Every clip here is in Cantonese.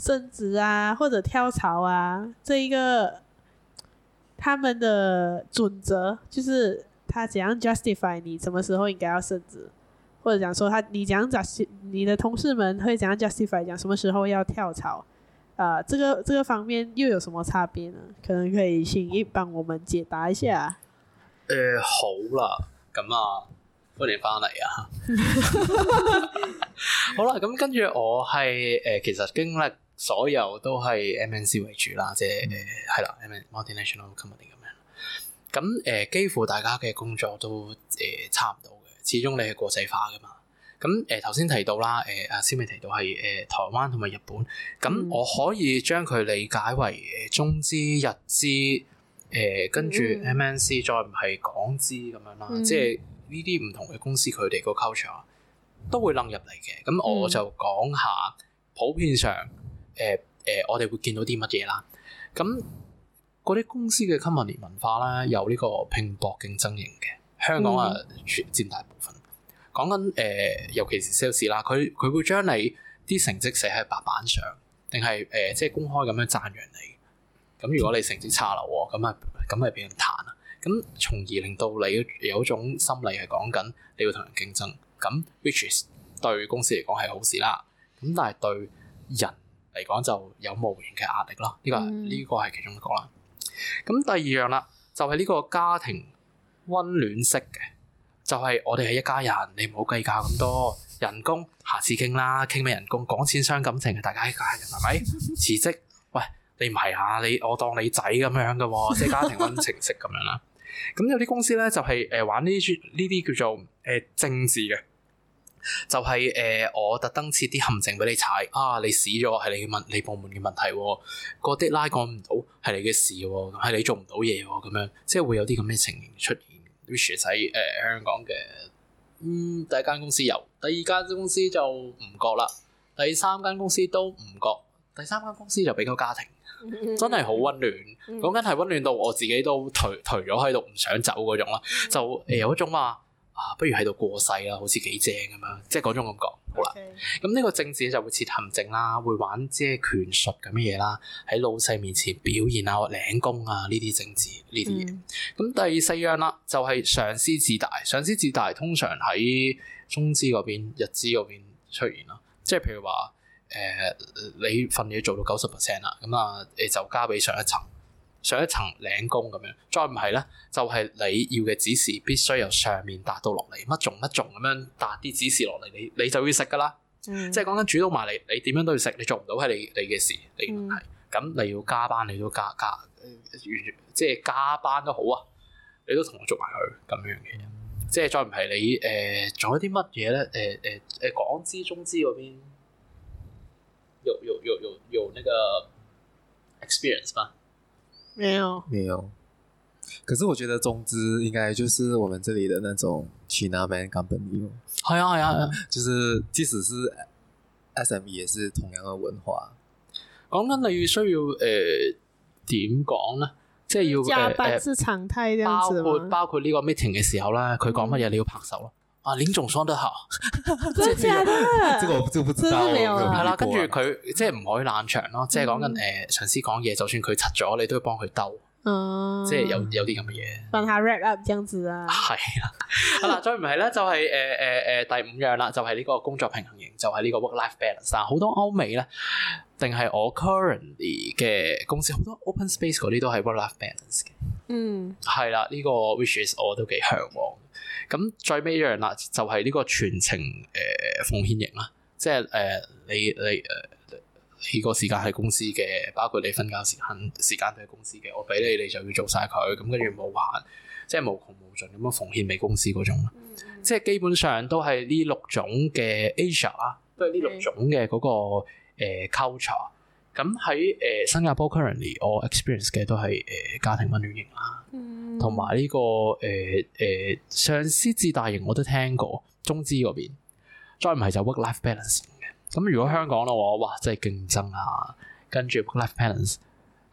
升職啊，或者跳槽啊，這一個他們的準則，就是他怎樣 justify 你什麼時候應該要升職，或者講說他你怎樣 justify 你的同事們會怎樣 justify 講什麼時候要跳槽，啊、呃，這個這個方面又有什麼差別呢？可能可以請 Ip 幫我們解答一下。呃，好啦，咁啊歡迎翻嚟啊， 好啦，咁跟住我係誒、呃、其實經歷。所有都係 MNC 為主啦，即係係、嗯、啦 multinational company 咁樣。咁、呃、誒幾乎大家嘅工作都誒、呃、差唔多嘅，始終你係國際化嘅嘛。咁誒頭先提到啦，誒阿思美提到係誒、呃、台灣同埋日本。咁我可以將佢理解為中資、日資誒、呃、跟住 MNC、嗯、再唔係港資咁樣啦。嗯、即係呢啲唔同嘅公司，佢哋個 culture 都會能入嚟嘅。咁我就講下普遍上。誒誒、呃呃，我哋會見到啲乜嘢啦？咁嗰啲公司嘅 company 文化啦，有呢個拼搏競爭型嘅，香港啊，佔大部分。講緊誒，尤其是 sales 啦，佢佢會將你啲成績寫喺白板上，定係誒即係公開咁樣讚揚你。咁如果你成績差流喎，咁啊咁咪俾人彈啊。咁從而令到你有一種心理係講緊你會同人競爭。咁 which is 對公司嚟講係好事啦。咁但係對人嚟講就有無形嘅壓力咯，呢個呢個係其中一個啦。咁第二樣啦，就係呢個家庭溫暖式嘅，就係我哋係一家人，你唔好計較咁多人工，下次傾啦，傾咩人工，講錢傷感情嘅，大家一家人係咪？辭職， 喂，你唔係啊，你我當你仔咁樣嘅喎，即係家庭溫情式咁樣啦。咁 有啲公司咧就係誒玩呢啲呢啲叫做誒政治嘅。就係、是、誒、呃，我特登設啲陷阱畀你踩啊！你死咗係你問你部門嘅問題，個啲拉趕唔到係你嘅事喎，係、啊、你做唔到嘢喎，咁、啊、樣即係會有啲咁嘅情形出現。尤其係喺香港嘅嗯第一間公司有，第二間公司就唔覺啦，第三間公司都唔覺，第三間公司就比較家庭，真係好温暖。嗰 間係温暖到我自己都頹頹咗喺度，唔想走嗰種啦，就誒、呃、有一種嘛、啊。啊，不如喺度過世啦，好似幾正咁樣，即係嗰種感覺。好啦，咁呢 Okay.、嗯呢個政治就會設陷阱啦，會玩即係權術咁嘅嘢啦，喺老細面前表現啊，領功啊呢啲政治呢啲嘢。咁、嗯嗯、第四樣啦，就係上司自大，上司自大通常喺中資嗰邊、日資嗰邊出現啦。即係譬如話，誒、呃、你份嘢做到九十 percent 啦，咁啊，你就加俾上一層。上一層領工咁樣，再唔係咧就係、是、你要嘅指示必須由上面達到落嚟，乜仲乜仲咁樣，樣達啲指示落嚟，你你就要食噶啦。嗯、即係講緊主導埋嚟，你點樣都要食，你做唔到係你你嘅事，你唔係咁你要加班，你都加加，加、嗯嗯、即係加班都好啊，你都同我做埋佢咁樣嘅。即係再唔係你誒做一啲乜嘢咧？誒誒誒，港資、呃呃、中資嗰邊有有有有有呢個 experience 嗎？沒有，沒有。可是我覺得中資應該就是我們這裏的那種 Chinaman company 咯。係啊，係、嗯、啊，係啊，就是即使是 SME 也是同樣的文化。嗯、講緊你需要誒點講咧，即係要加班是常態包，包括包括呢個 meeting 嘅時候啦，佢講乜嘢你要拍手咯。啊！臉仲傷得黑， 真係噶，呢個 真係唔知道。係啦、 啊，跟住佢即係唔可以冷場咯，嗯、即係講緊誒，上司講嘢，就算佢柒咗，你都要幫佢兜，嗯、即係有有啲咁嘅嘢。放下 wrap up，這樣子啊，係是啦。 啊嗱，再唔係咧，就係誒誒誒，第五樣啦，就係、是、呢個工作平衡型，就係、是、呢個 work-life balance。但好多歐美咧，定係我 currently 嘅公司，好多 open space 嗰啲都係 work-life balance 嘅。嗯，係啦，呢、這個 wishes 我都幾向往，往。咁最尾一樣啦，就係、是、呢個全程誒、呃、奉獻型啦，即係誒、呃、你你你、呃這個時間係公司嘅，包括你瞓覺時間時間都係公司嘅，我畀你，你就要做晒佢，咁跟住冇限，即係無窮無盡咁樣奉獻畀公司嗰種，即係基本上都係呢六種嘅 Asia 啦，都係呢六種嘅嗰個 culture。咁喺誒新加坡 currently 我 experience 嘅都係誒、呃、家庭溫暖型啦，同埋呢個誒誒、呃呃、上司至大型我都聽過中資嗰邊，再唔係就是 work life balance 嘅。咁如果香港嘅話，哇真係競爭啊，跟住 work life balance。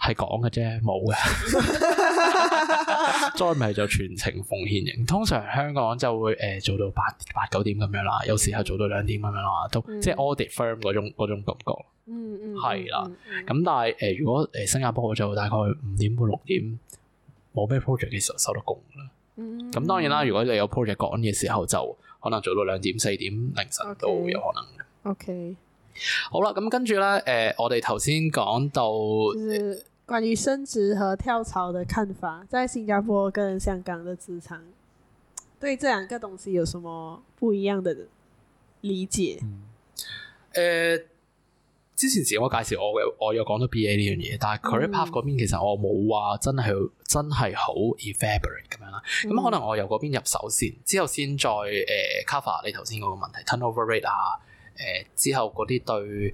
係講嘅啫，冇嘅， 再唔係就全程奉獻型。通常香港就會誒、呃、做到八八九點咁樣啦，有時候做到兩點咁樣啦，都、嗯、即係 audit firm 嗰種種感覺。嗯嗯，係、嗯嗯、啦。咁但係誒、呃，如果誒、呃、新加坡就大概五點半、六點，冇咩 project 嘅時候收到工啦。嗯。咁當然啦，如果你有 project 講嘅時候，就可能做到兩點四點凌晨都有可能。O K、嗯嗯嗯、好啦，咁跟住咧，誒、呃，我哋頭先講到。呃關於升職和跳槽的看法，在新加坡跟香港的職場，對這兩個東西有什麼不一樣的理解？誒、嗯嗯啊，之前自我介紹我我有講到 B A 呢樣嘢，但係 Career Path 嗰邊其實我冇話真係真係好 evaporate 咁樣啦。咁、嗯嗯、可能我由嗰邊入手先，之後先再誒、呃、cover 你頭先嗰個問題，turnover rate 啊，誒、呃、之後嗰啲對。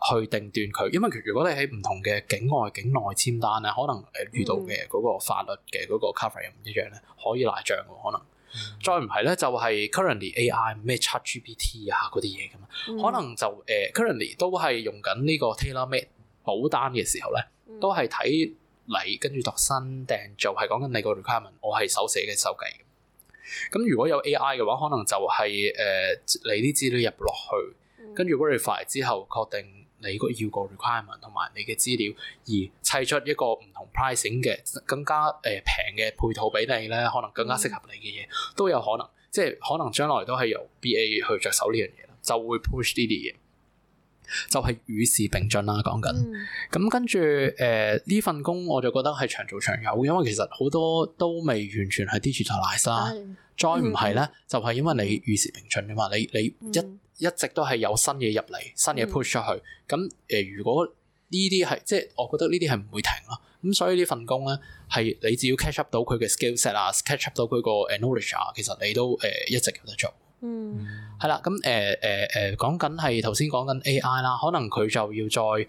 去定斷佢，因為如果你喺唔同嘅境外、境內簽單咧，可能誒遇到嘅嗰個法律嘅嗰個 cover 又唔一樣咧，嗯、可，可以賴賬喎可能。再唔係咧，就係、是、currently AI 咩 ChatGPT 啊嗰啲嘢咁啊，可能就誒、uh, currently 都係用緊呢個 tailor made 保單嘅時候咧，嗯、都係睇嚟跟住度身訂做，係講緊你個 requirement，我係手寫嘅手計。咁如果有 AI 嘅話，可能就係、是、誒、uh, 你啲資料入落去，跟住 verify 之後確定、嗯。你應該要個 requirement 同埋你嘅資料，而砌出一個唔同 pricing 嘅更加誒平嘅配套俾你咧，可能更加適合你嘅嘢都有可能，即係可能將來都係由 BA 去着手呢樣嘢，就會 push 呢啲嘢，就係與時並進啦。講緊咁跟住誒呢份工，我就覺得係長做長有，因為其實好多都未完全係 digitalize 啦、嗯，再唔係咧就係因為你與時並進啊嘛，你你一。嗯一直都係有新嘢入嚟，新嘢 push 出，出去。咁誒，如果呢啲係即係我覺得呢啲係唔會停咯。咁所以呢份工咧，係你只要 catch up 到佢嘅 skillset 啊，catch up 到佢個誒 knowledge 啊，其實你都誒、呃、一直有得做。嗯，係啦。咁誒誒誒，講緊係頭先講緊 AI 啦，可能佢就要再。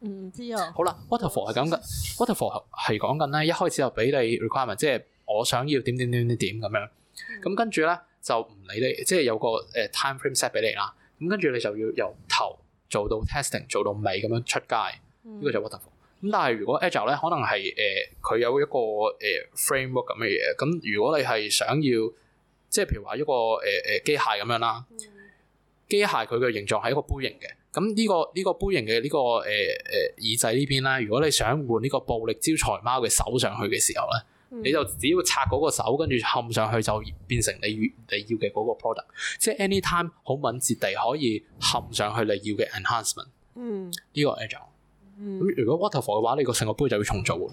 唔、嗯、知啊！好啦 waterfall 係咁嘅 waterfall 係講緊咧，一開始就俾你 requirement，即係我想要點點點點點咁樣，咁、嗯、跟住咧就唔理你，即係有個誒 time frame set 俾你啦，咁跟住你就要由頭做到 testing，做到尾咁樣出街，呢、這個就 waterfall 咁，但係如果 agile 咧，可能係誒佢有一個誒 framework 咁嘅嘢，咁如果你係想要，即係譬如話一個誒誒機械咁樣啦，機械佢嘅形狀係一個杯形嘅。咁呢個呢個杯型嘅呢個誒誒、呃呃、耳仔呢邊啦，如果你想換呢個暴力招財貓嘅手上去嘅時候咧，嗯、你就只要拆嗰個手，跟住冚上去就變成你你要嘅嗰個 product，即係 anytime 好敏捷地可以冚上去你要嘅 enhancement 嗯嗯。嗯，呢個 agent。咁如果 waterfall 嘅話，你個成個杯就要重組。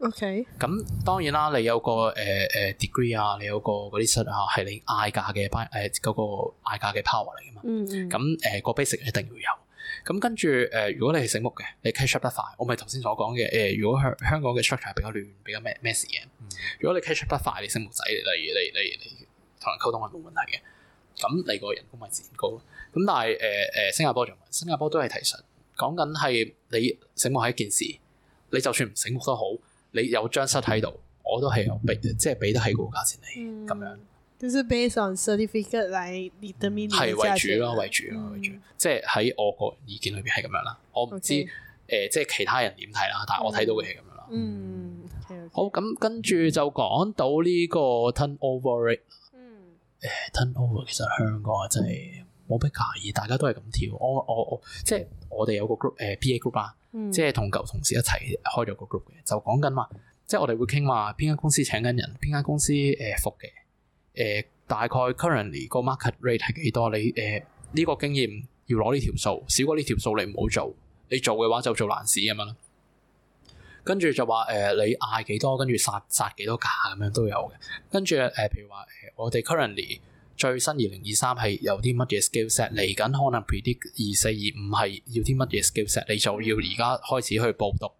OK，咁當然啦，你有個誒誒 degree 啊，你有個嗰啲質啊，係你嗌價嘅班誒嗰個嗌價嘅 power 嚟嘅嘛。咁誒個 basic 一定要有。咁跟住誒，如果你係醒目嘅，你 catch up 得快，我咪頭先所講嘅誒。如果香香港嘅 structure 係比較亂，比較咩咩事嘅。如果你 catch up 得快，你醒目仔，例如你如例同人溝通係冇問題嘅。咁你個人工咪自然高。咁但係誒誒新加坡就唔新加坡都係提實。講緊係你醒目係一件事，你就算唔醒目都好。你有張室喺度，我都係有俾，即係俾得起個價錢，你咁樣。就是 based on certificate 嚟定義係為主咯，為主咯，為主。即係喺我個意見裏邊係咁樣啦。我唔知誒，即係其他人點睇啦，但係我睇到嘅係咁樣啦。嗯，好。咁跟住就講到呢個 turnover rate。嗯。誒，turnover 其實香港啊真係冇乜介意，大家都係咁跳。我我我即係我哋有個 group 誒，PA group 啊。嗯、即係同舊同事一齊開咗個 group 嘅，就講緊話，即係我哋會傾話，邊間公司請緊人，邊間公司誒服嘅，誒、呃、大概 currently 個 market rate 係幾多，你誒呢、呃這個經驗要攞呢條數，少過呢條數你唔好做，你做嘅話就做難事咁樣啦。跟住就話誒、呃、你嗌幾多，跟住殺殺幾多價咁樣都有嘅。跟住誒，譬如話誒我哋 currently。最新二零二三係有啲乜嘢 skill set 嚟緊？可能 predict 二四二五係要啲乜嘢 skill set，你就要而家開始去報讀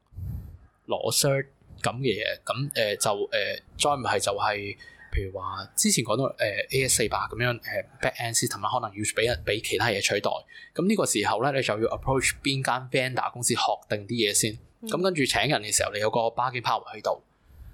攞 s h i r t 咁嘅嘢。咁誒就誒再唔係就係、就是，譬如話之前講到誒 A S 四百咁樣誒 back end system 可能要俾人俾其他嘢取代。咁呢個時候咧，你就要 approach 邊間 v a n d o r 公司學定啲嘢先。咁跟住請人嘅時候，你有個 backup r o w e r 喺度。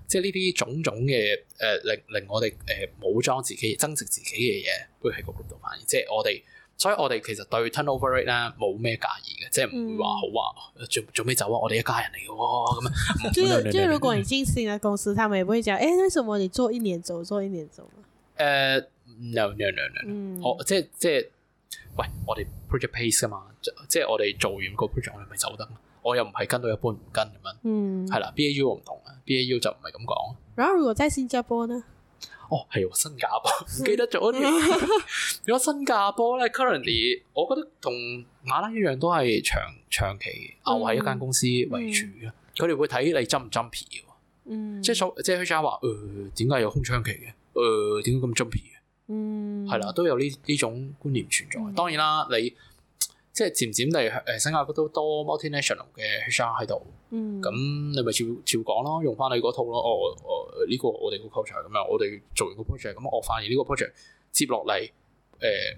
即係呢啲種種嘅誒、呃、令令我哋誒武裝自己、增值自己嘅嘢，會喺個幅度反映。即係我哋，所以我哋其實對 turnover rate 啦冇咩介意嘅，即係唔會話好話、啊、做做咩走啊？我哋一家人嚟嘅喎咁啊！即 就如果你進咗新嘅公司，佢哋會唔會講？誒，為什麼你做一年走，做一年走啊？誒，no no no no，我即係即係，喂，我哋 project pace 㗎嘛？即係我哋做完個 project，我哋咪走得。我又唔係跟到一半唔跟咁樣，係啦，B A U 唔同啊，B A U 就唔係咁講。然後如果真係新加坡呢？哦，係喎，新加坡唔記得咗。如果新加坡咧，currently 我覺得同馬拉一樣都係長長期，牛係一間公司為主嘅。佢哋會睇你 jumpy 唔 jumpy 嘅喎。嗯，即係所即係佢而家話，誒，點解有空窗期嘅？誒，點解咁 jumpy 嘅？嗯，係啦，都有呢呢種觀念存在。當然啦，你。即係漸漸地，誒新加坡都多 multinational 嘅 HR 喺度。嗯，咁你咪照照講咯，用翻你嗰套咯。哦，誒、呃、呢、這個我哋個 project 咁樣，我哋做完個 project 咁，我發現呢個 project 接落嚟誒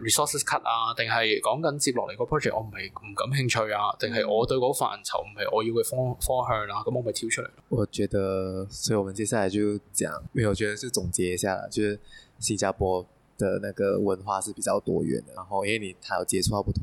resources cut 啊，定係講緊接落嚟個 project，我唔係唔感興趣啊，定係我對嗰範疇唔係我要嘅方方向啊。咁我咪跳出嚟。我覺得，所以我哋接下嚟，就講，因為我覺得就總結一下啦，就是新加坡嘅那個文化是比較多元嘅，然後因為你係有接觸到不同。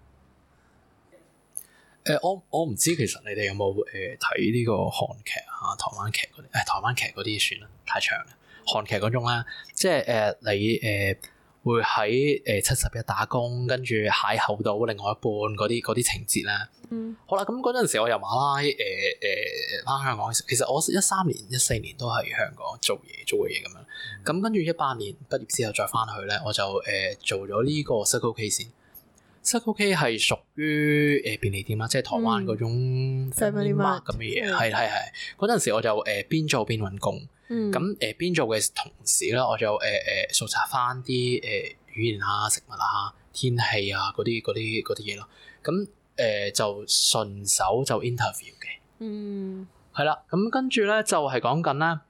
誒，我我唔知，其實你哋有冇誒睇呢個韓劇啊、台灣劇嗰啲？誒、哎，台灣劇嗰啲算啦，太長啦。韓劇嗰種咧，即係誒、呃、你誒、呃、會喺誒、呃、七十一打工，跟住邂逅到另外一半嗰啲嗰啲情節咧。嗯。好啦，咁嗰陣時我由馬拉誒誒翻香港，其實我一三年、一四年都係香港做嘢、做嘢咁樣。咁跟住一八年畢業之後再翻去咧，我就誒、呃、做咗呢個 second case 先。Seven OK 係屬於誒便利店啦，即係台灣嗰種方便物咁嘅嘢。係係係，嗰陣、嗯、時我就誒邊做邊揾工，咁誒、嗯、邊做嘅同時咧，我就誒誒蒐集翻啲誒語言啊、食物啊、天氣啊嗰啲啲啲嘢咯。咁誒、呃、就順手就 interview 嘅。嗯，係啦，咁跟住咧就係講緊咧。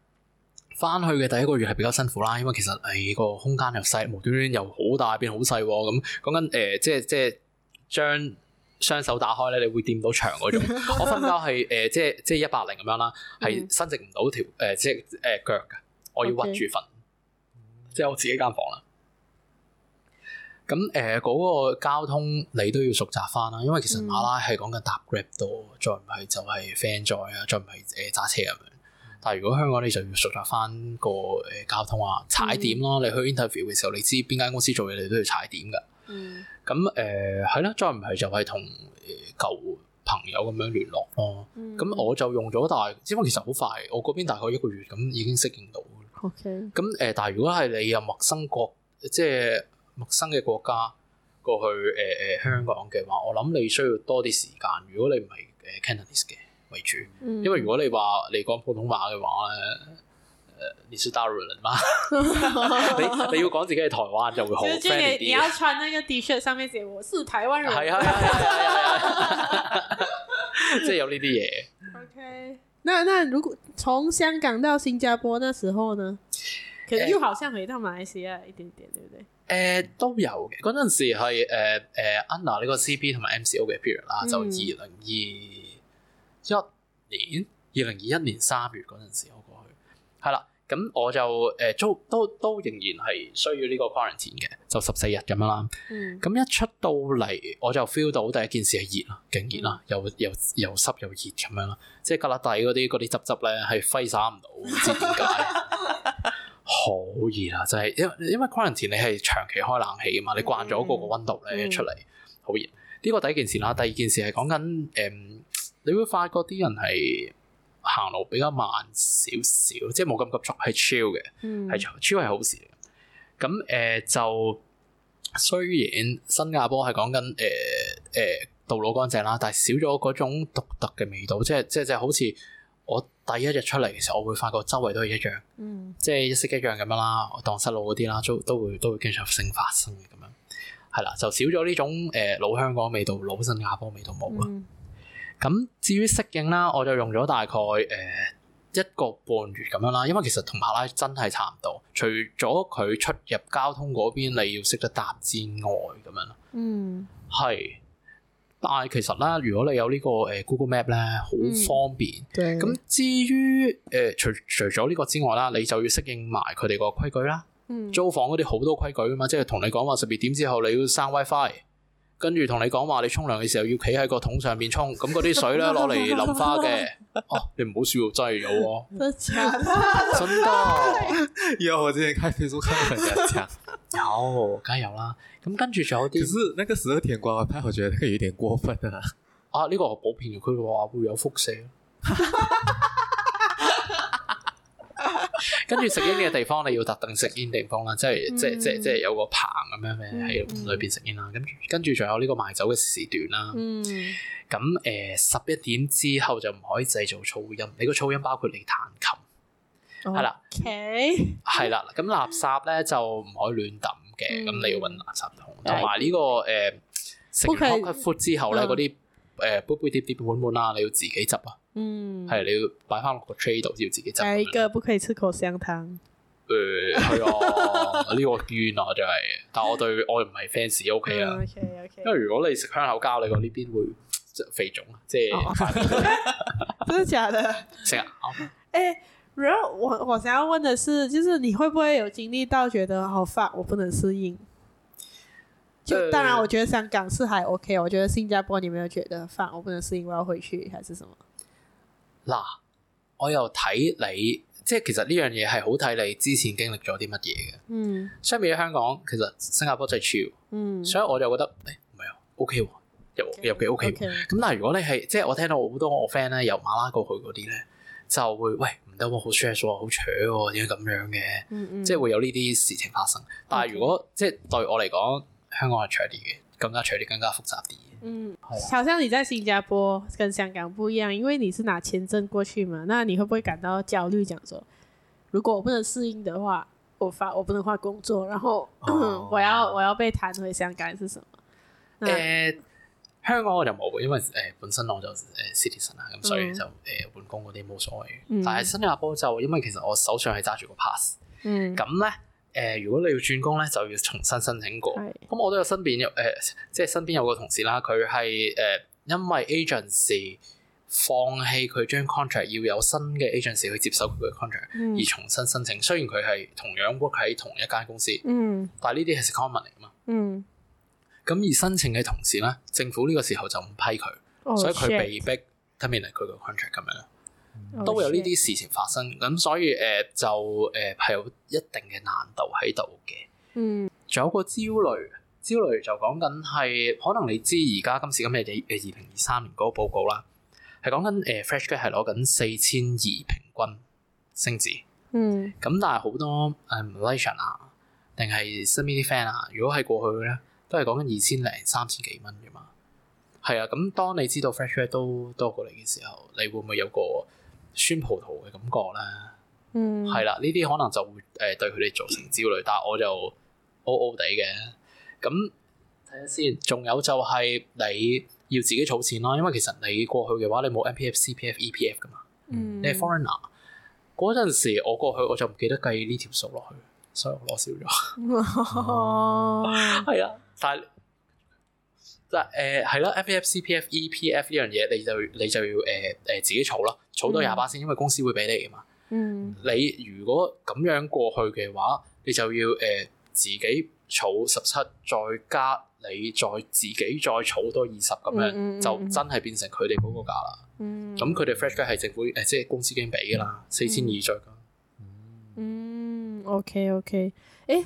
翻去嘅第一個月係比較辛苦啦，因為其實誒個、哎、空間又細，無端端又好大變好細、啊。咁、嗯、講緊誒、呃，即係即係將雙手打開咧，你會掂到牆嗰種。 我瞓覺係誒，即係即係一百零咁樣啦，係伸直唔到條誒、呃、即係誒腳嘅，我要屈住瞓，Okay. 即係我自己間房啦、啊。咁誒嗰個交通你都要熟習翻啦，因為其實馬拉係講緊搭 Grab 多，再唔係就係 van 仔啊，再唔係誒揸車咁樣。但係如果香港你就要熟習翻個誒交通啊，踩點咯。嗯、你去 interview 嘅時候，你知邊間公司做嘢，你都要踩點㗎。嗯。咁誒係啦，再唔係就係同舊朋友咁樣聯絡咯。嗯。咁我就用咗，但係因為其實好快，我嗰邊大概一個月咁已經適應到。O K. 咁誒，但係如果係你有陌生國，即係陌生嘅國家過去誒誒、呃、香港嘅話，我諗你需要多啲時間。如果你唔係誒 Cantonese 嘅。為主，因為如果你話你講普通話嘅話咧，誒、 呃，你是大陸人嗎？ 你你要講自己係台灣就會好 friendly、 就是、你，你要穿呢個 T-shirt 上面寫我是台灣人，係啊係啊係啊，即係有呢啲嘢。OK，那那如果從香港到新加坡嘅時候呢？其實、呃、又好像回到馬來西亞一點點，對唔對？誒、呃，都有嘅。嗰陣時係誒誒 Anna 呢個 CP 同埋 MCO 嘅 a p 啦，就二零二。一年二零二一年三月嗰陣時，我過去係啦，咁我就誒、呃、都都都仍然係需要呢個 quarantine 嘅，就十四日咁樣啦。咁、嗯、一出到嚟，我就 feel 到第一件事係熱啊，勁熱啦，又又又濕又熱咁樣啦，即係格拉底嗰啲嗰啲汁汁咧係揮散唔到，唔知點解好熱啦、啊！就係、是、因為因為 quarantine 你係長期開冷氣啊嘛，你慣咗個個溫度咧出嚟好、嗯嗯、熱。呢個第一件事啦，第二件事係講緊誒。嗯嗯你會發覺啲人係行路比較慢少少，即係冇咁急促，係超 h i 嘅，係 c 係好事咁誒、呃、就雖然新加坡係講緊誒誒道路乾淨啦，但係少咗嗰種獨特嘅味道，即係即係就好似我第一日出嚟嘅時候，我會發覺周圍都係一樣，mm. 即係一式一樣咁樣啦，我蕩失路嗰啲啦，都都會都會經常性發生嘅咁樣，係啦，就少咗呢種誒、呃、老香港味道，老新加坡味道冇啦。Mm. 咁至於適應啦，我就用咗大概誒一個半月咁樣啦，因為其實同馬拉真係差唔多，除咗佢出入交通嗰邊你要識得搭之外，咁樣，嗯，係。但係其實啦，如果你有呢個誒 Google Map 咧，好方便。咁、嗯、至於誒、呃、除除咗呢個之外啦，你就要適應埋佢哋個規矩啦。嗯、租房嗰啲好多規矩啊嘛，即係同你講話十二點之後你要刪 WiFi。Fi, 跟住同你講話，你沖涼嘅時候要企喺個桶上面沖，咁嗰啲水咧攞嚟淋花嘅。哦、啊，你唔好笑，真係有、啊。 真真的噶，有我之前睇 facebook 有人講，有，啦。咁、嗯、跟住少啲。可是那個十二天光，我睇我覺得佢有點過分啊。啊、呢、這個我補偏了，佢話會有輻射。 跟住 食煙嘅地方，你要特定食煙地方啦，即係、嗯、即係即係即係有個棚咁樣咩喺裏邊食煙啦。咁跟住仲有呢個賣酒嘅時段啦。咁誒十一點之後就唔可以製造噪音。你個噪音包括你彈琴係啦，係啦。咁垃圾咧就唔可以亂抌嘅。咁、嗯、你要揾垃圾桶。同埋呢個誒食、呃、完 coffee 之後咧嗰啲。Okay, uh, 嗯誒杯杯碟碟碗碗啦，你要自己執啊。嗯、呃，係你要擺翻落個 trade 度要自己執。第一個不可以吃口香糖。誒係啊，呢、呃、 個冤啊就係、是。但我對我唔係 fans O K 啦。O K O K。Okay, okay 因為如果你食香口膠，你個呢邊會肥腫，即係。真係假的？真啊。 誒，然後我我想要問嘅是，就是你會不會有經歷到覺得好煩，我不能適應？就當然，我覺得香港是還 OK。我覺得新加坡，你沒有覺得煩？我不能適應，我要回去還是什麼？嗱，我又睇你，即係其實呢樣嘢係好睇你之前經歷咗啲乜嘢嘅。嗯。相比喺香港，其實新加坡真係潮。嗯。所以我就覺得誒，唔係啊，OK，又又幾 OK。咁 okay, okay. 但係如果你係即係我聽到好多我 friend 咧由馬拉過去嗰啲咧，就會喂唔得喎，好 stress 喎，好扯喎，點解咁樣嘅？嗯嗯。即係會有呢啲事情發生。但係如果即係對我嚟講，香港係隨啲嘅，更加隨啲，更加複雜啲。嗯，係、哦。好像你在新加坡跟香港唔一樣，因為你是拿簽證過去嘛，那你會不會感到焦慮？講說，如果我不能適應的話，我發我不能換工作，然後、哦、 我要我要被彈回香港係什麼？誒、啊呃，香港我就冇，因為誒、呃、本身我就誒 citizen 啦、嗯，咁、嗯、所以就誒換、呃、工嗰啲冇所謂。但係新加坡就因為其實我手上係揸住個 pass，嗯，咁咧。誒、呃，如果你要轉工咧，就要重新申請過。咁是我都有身邊有誒、呃，即係身邊有個同事啦，佢係誒因為 agency 放棄佢將 contract 要有新嘅 agency 去接手佢嘅 contract，嗯、而重新申請。雖然佢係同樣 work 喺同一間公司，嗯、但係呢啲係 common 嚟㗎嘛。嗯。咁而申請嘅同事咧，政府呢個時候就唔批佢，oh, 所以佢被逼睇面嚟佢嘅 contract 嘅咩？都有呢啲事情發生，咁所以誒、呃、就誒係、呃、有一定嘅難度喺度嘅。嗯，仲有個焦慮，焦慮就講緊係可能你知而家今時今日嘅二零二三年嗰個報告啦，係講緊誒 fresh guy 係攞緊四千二平均升子。嗯，咁但係好多誒 lation 啊，定係、啊、身邊啲 friend 啊，如果係過去咧，都係講緊二千零三千幾蚊嘅嘛。係啊，咁當你知道 fresh guy 都多過你嘅時候，你會唔會有個？酸葡萄嘅感覺咧，係啦、嗯，呢啲可能就會誒對佢哋造成焦慮，但係我就 OO 哋嘅。咁睇下先，仲有就係你要自己儲錢囉，因為其實你過去嘅話，你冇 MPF、CPF、EPF 㗎嘛，嗯、你係 foreigner 嗰陣時，我過去我就唔記得計呢條數落去，所以我攞少咗。係啊、哦 嗯，但係。就誒係啦，F F C P F E P F 呢樣嘢，你就你就要誒誒自己儲咯，儲多廿八先，因為公司會俾你噶嘛。嗯。你如果咁樣過去嘅話，你就要誒自己儲十七，再加你再自己再儲多二十咁樣，就真係變成佢哋嗰個價啦。嗯。咁佢哋 fresh guy 係政府誒，即係公司已經俾噶啦，四千二再加。嗯。OK OK，誒。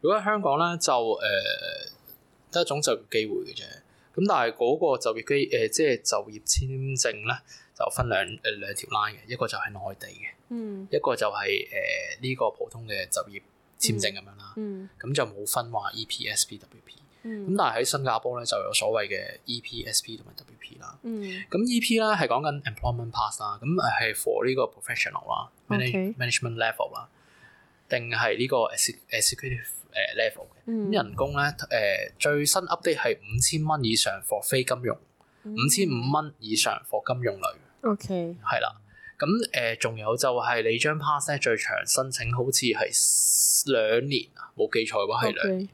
如果喺香港咧，就誒得、呃、一種就業機會嘅啫。咁但係嗰個就業機誒，即、呃、係、就是、就業簽證咧，就分兩誒、呃、兩條 line 嘅。一個就係內地嘅，嗯、一個就係誒呢個普通嘅就業簽證咁樣啦。咁、嗯嗯、就冇分話 E.P.S.P.W.P. 咁、嗯，但係喺新加坡咧就有所謂嘅 E.P.S.P. 同埋 W.P. 啦。咁、嗯、E.P. 咧係講緊 Employment Pass 啦。咁係 for 呢個 professional 啦 okay.，management level 啦，定係呢個 executive。誒 level 嘅，咁人工咧誒最新 update 係五千蚊以上 for 非金融，五千五蚊以上 for 金融類。O K. 係啦，咁誒仲有就係你張 pass 咧最長申請好似係兩年啊，冇記錯嘅話係兩年。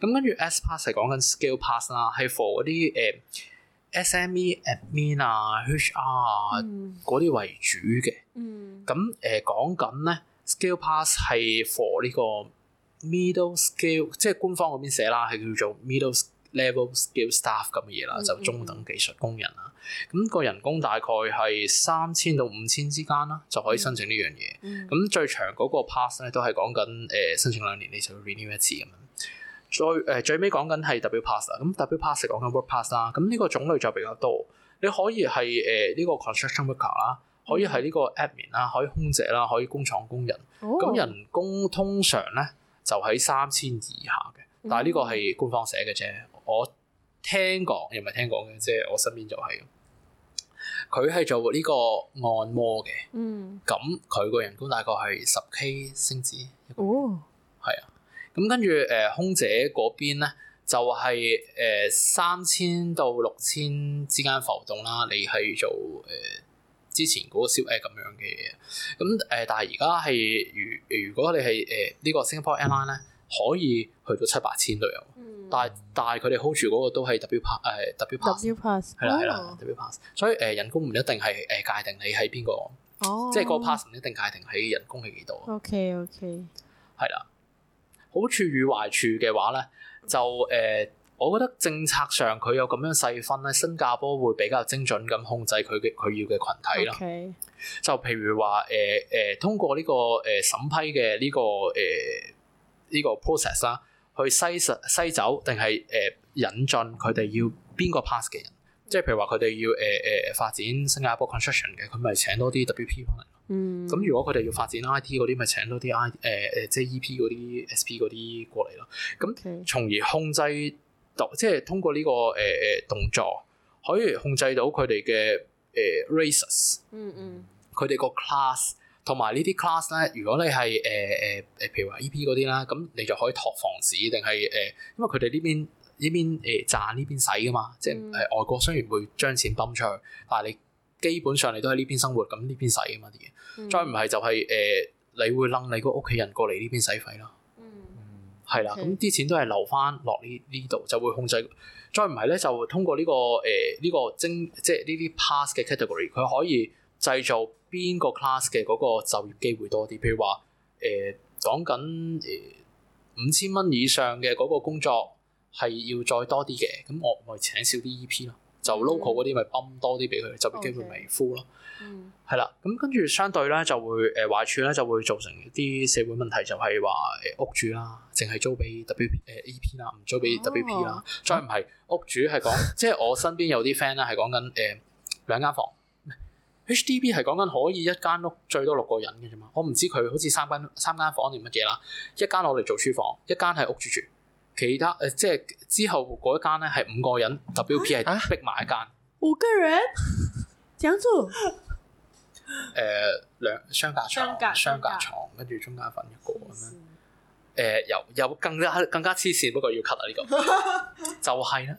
咁跟住 S pass 係講緊 scale pass 啦，係 for 嗰啲誒 SME admin 啊、HR 嗰啲為主嘅。嗯。咁誒講緊咧，scale pass 係 for 呢個。middle scale 即係官方嗰邊寫啦，係叫做 middle level scale staff 咁嘅嘢啦，就中等技術工人啦。咁個、mm hmm. 人工大概係三千到五千之間啦，就可以申請呢樣嘢。咁、mm hmm. 最長嗰個 pass 咧都係講緊誒申請兩年你就 renew 一次咁樣。再誒最尾講緊係 W pass 咁 W pass 係講緊 work pass 啦。咁呢個種類就比較多，你可以係誒呢個 construction worker 啦，hmm. 可以係呢個 admin 啦，可以空姐啦，可以工廠工,工人。咁、oh. 人工通常咧～就喺三千以下嘅，但係呢個係官方寫嘅啫。我聽講又唔係聽講嘅，即係我身邊就係、是。佢係做呢個按摩嘅，咁佢、嗯、個人工大概係十 K 星紙。哦，係啊，咁跟住誒空姐嗰邊咧，就係誒三千到六千之間浮動啦。你係做誒。呃之前嗰個小 A 咁樣嘅嘢，咁誒，但係而家係如如果你係誒呢個 Singapore airline 咧，可以去到七八千都有、嗯，但係但係佢哋 hold 住嗰個都係特別 pass 誒 pass，係啦係啦特別 pass，所以誒、呃、人工唔一定係誒界定你喺邊個，哦、即係個 pass 唔一定界定喺人工係幾多。OK OK，係啦，好處與壞處嘅話咧，就誒。呃我覺得政策上佢有咁樣細分咧，新加坡會比較精準咁控制佢嘅佢要嘅羣體啦。Okay. 就譬如話誒誒，通過呢、這個誒審、呃、批嘅呢、這個誒呢、呃這個 process 啦，去篩實篩走，定係誒引進佢哋要邊個 pass 嘅人？即係譬如話佢哋要誒誒、呃呃、發展新加坡 construction 嘅，佢咪請多啲 WP 翻嚟咯。嗯，咁如果佢哋要發展 IT 嗰啲，咪請多啲 I 誒誒即係 EP 嗰啲 SP 嗰啲過嚟咯。咁從而控制 Okay.。即係通過呢、這個誒誒、呃、動作，可以控制到佢哋嘅誒 races 嗯嗯，佢哋個 class 同埋呢啲 class 咧，如果你係誒誒誒，譬如話 E.P 嗰啲啦，咁你就可以托房子，定係誒，因為佢哋呢邊呢邊誒賺呢邊使噶嘛，嗯、即係外國商人會將錢泵出去，但係你基本上你都喺呢邊生活，咁呢邊使噶嘛啲嘢，嗯、再唔係就係、是、誒、呃，你會擸你個屋企人過嚟呢邊使費啦。係啦，咁啲錢都係留翻落呢呢度，就會控制。再唔係咧，就通過呢、呢個誒呢、呃呢個精，即係呢啲 pass 嘅 category，佢可以製造邊個 class 嘅嗰個就業機會多啲。譬如話誒、呃、講緊五千蚊以上嘅嗰個工作係要再多啲嘅，咁我咪請少啲 EP 咯。Okay. 就 local 嗰啲咪泵多啲俾佢，就業機會咪 full 咯。嗯，係啦，咁跟住相對咧就會誒壞、呃、處咧就會造成一啲社會問題就，就係話屋主啦，淨係租俾 W 誒 A P 啦，唔租俾 W P 啦，哦、再唔係、啊、屋主係講，即係我身邊有啲 friend 咧係講緊誒兩間房，H D B 係講緊可以一間屋最多六個人嘅啫嘛，我唔知佢好似三間三間房定乜嘢啦，一間攞嚟做書房，一間係屋主住，其他誒、呃、即係之後嗰一間咧係五個人 W P 係逼埋一間，五個人，點做、啊？誒兩雙格床，雙格床，跟住中間瞓一個咁樣。誒又又更加更加黐線，不過要 cut 啊！呢個就係啦，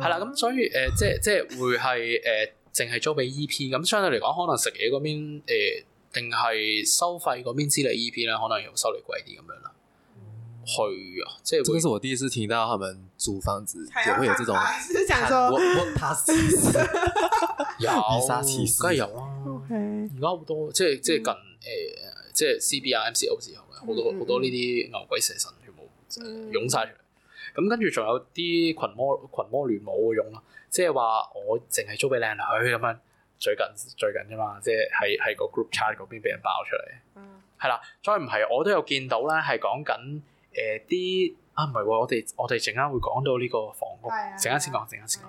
係啦。咁所以誒，即即係會係誒，淨係租俾 E P。咁相對嚟講，可能食嘢嗰邊定係收費嗰邊之類 E P 咧，可能要收你貴啲咁樣啦。去啊！即係，這個是我第一次聽到佢哋租房子會有呢種塔，有梗係有啦。而家好多，即係即係近誒，即係、嗯呃、C B R M C O 時候咧，好多好、嗯、多呢啲牛鬼蛇神全部湧晒出嚟。咁跟住仲有啲群魔群魔亂舞嘅用咯，即係話我淨係租俾靚女咁樣，最近最近啫嘛，即係喺喺個 group chat 嗰邊俾人爆出嚟。嗯，係啦，再唔係我都有見到咧，係講緊誒啲啊，唔係喎，我哋我哋陣間會講到呢個房屋，陣間先講，陣間先講。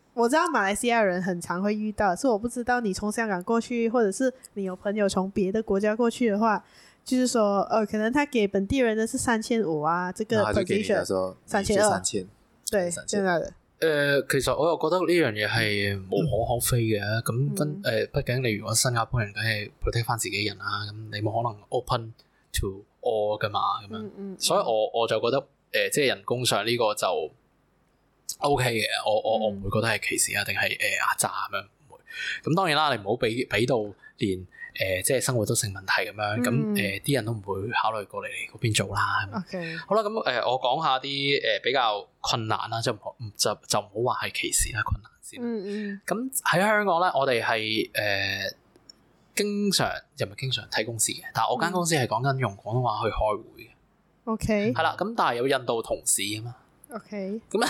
我知道馬來西亞人很常會遇到，是我不知道你從香港過去，或者是你有朋友從別的國家過去的話，就是說，呃、哦，可能他給本地人的是三千五啊，這個，position, 個。就三千二、啊。千對三千。對、嗯，三千二。誒，其實我又覺得呢樣嘢係無可厚非嘅、啊，咁分誒、嗯呃，畢竟你如果新加坡人梗係 protect 翻自己人啊，咁你冇可能 open to all 噶嘛，咁樣。嗯，嗯所以我我就覺得，誒、呃，即係人工上呢個就。嗯 O K 嘅，我我我唔會覺得係歧視啊，定係誒壓榨咁樣。唔、嗯呃、會咁當然啦，你唔 Okay. 好俾俾到連誒，即係生活都成問題咁樣。咁誒，啲人都唔會考慮過嚟你嗰邊做啦。O K 好啦，咁誒，我講下啲誒、呃、比較困難啦，即係就就唔好話係歧視啦，困難先。咁喺、嗯嗯、香港咧，我哋係誒經常又唔係經常睇公司嘅，但係我間公司係講緊用廣東話去開會嘅。O K 係啦，咁但係有印度同事啊嘛。O K 咁啊。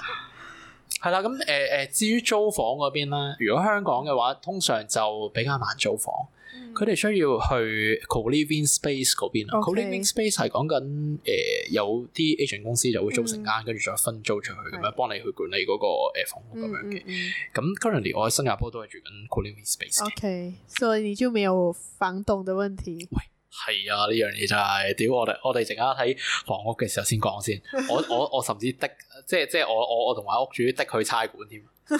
係啦，咁誒誒，至於租房嗰邊咧，如果香港嘅話，通常就比較難租房。佢哋、嗯、需要去 co living space 嗰邊啊，Okay,，co living space 係講緊誒有啲 agent 公司就會租成間，跟住、嗯、再分租出去咁樣，幫你去管理嗰個誒房屋咁是樣嘅。咁、嗯嗯、currently 我喺新加坡都係住緊 co living space。O、okay, K，所以你就未有房東嘅問題。喂係啊，呢樣嘢就係，屌我哋我哋陣間喺房屋嘅時候先講先，我我我甚至的，即係即係我我我同埋屋主的,的去差館添，即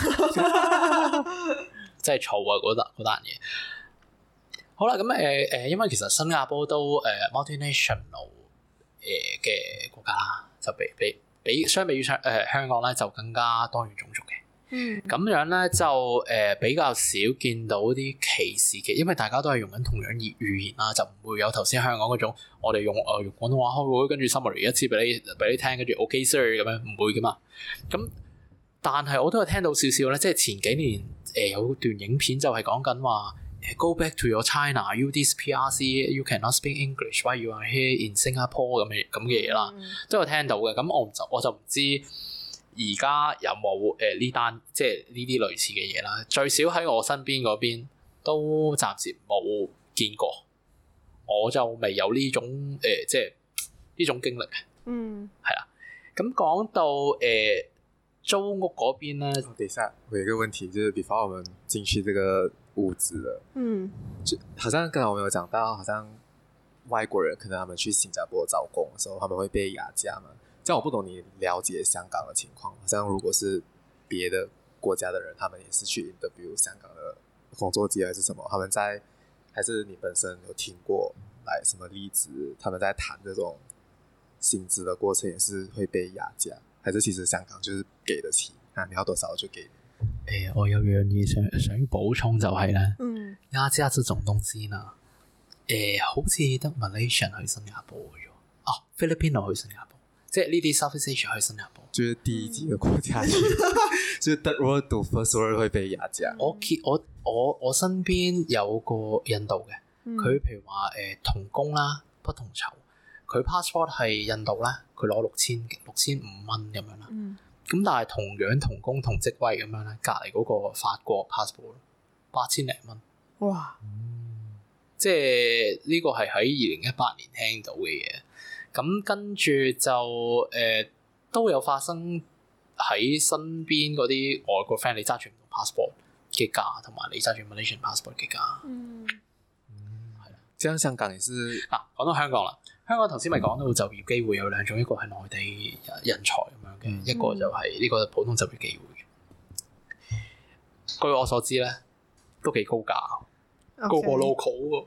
係嘈啊嗰單嗰單嘢。好啦，咁誒誒，因為其實新加坡都誒、呃、multinational 誒嘅國家，就比比比相比於誒、呃、香港咧就更加多元種族嘅。嗯，咁樣咧就誒比較少見到啲歧視嘅，因為大家都係用緊同樣語言啊，就唔會有頭先香港嗰種我哋用誒、呃、用廣東話開會，跟住 summary 一次俾你俾你聽，跟住 ok sir 咁樣唔會噶嘛。咁但係我都有聽到少少咧，即係前幾年誒、呃、有段影片就係講緊話，Go back to your China, you this PRC, you cannot speak English, while you are here in Singapore 咁嘅咁嘅嘢啦，mm hmm. 都有聽到嘅。咁我就我就唔知。而家有冇誒呢單即係呢啲類似嘅嘢啦？最少喺我身邊嗰邊都暫時冇見過，我就未有呢種誒、呃、即係呢種經歷，嗯，係啦。咁講到誒、呃、租屋嗰邊咧，等下我有一個問題，就是 before 我們進去這個屋子啦。嗯，就好似剛才我有，有講到，好像外國人可能佢哋去新加坡找工，所以佢哋會被壓價嘛。即係我不懂你了解香港嘅情況。像如果是別的國家嘅人，他們也是去 interview 香港嘅工作機會還是什麼？他們在，還是你本身有聽過來什麼例子？他們在談這種薪資嘅過程，也是會被壓價，還是其實香港就是給得起，啊你要多少就給你。誒、欸，我有樣嘢想、嗯、想要補充就係咧，壓價這種東西啦。誒、欸，好似得 Malaysia 去新加坡喎，啊 Filipino 去新加坡。啊即係呢啲 South East Asia 喺新加坡，嗯、最低級嘅國家，即係 third world to 我結我我我身邊有個印度嘅，佢譬如話誒同工啦不同酬，佢 passport 係印度啦，佢攞六千六千五蚊咁樣啦，咁、嗯、但係同樣同工同職位咁樣咧，隔離嗰個法國 passport 八千零蚊，8, 哇！即係呢個係喺二零一八年聽到嘅嘢。咁跟住就誒、呃、都有發生喺身邊嗰啲外國 friend，你揸住唔同 passport 嘅架，同埋你揸住 Malaysian passport 嘅架。嗯，係啦的，再加上格尼斯。嗱、啊，講到香港啦，香港頭先咪講到就業機會有兩種，嗯、一個係內地人才咁樣嘅，一個就係呢個普通就業機會。嗯、據我所知咧，都幾高價，okay, 高過 local。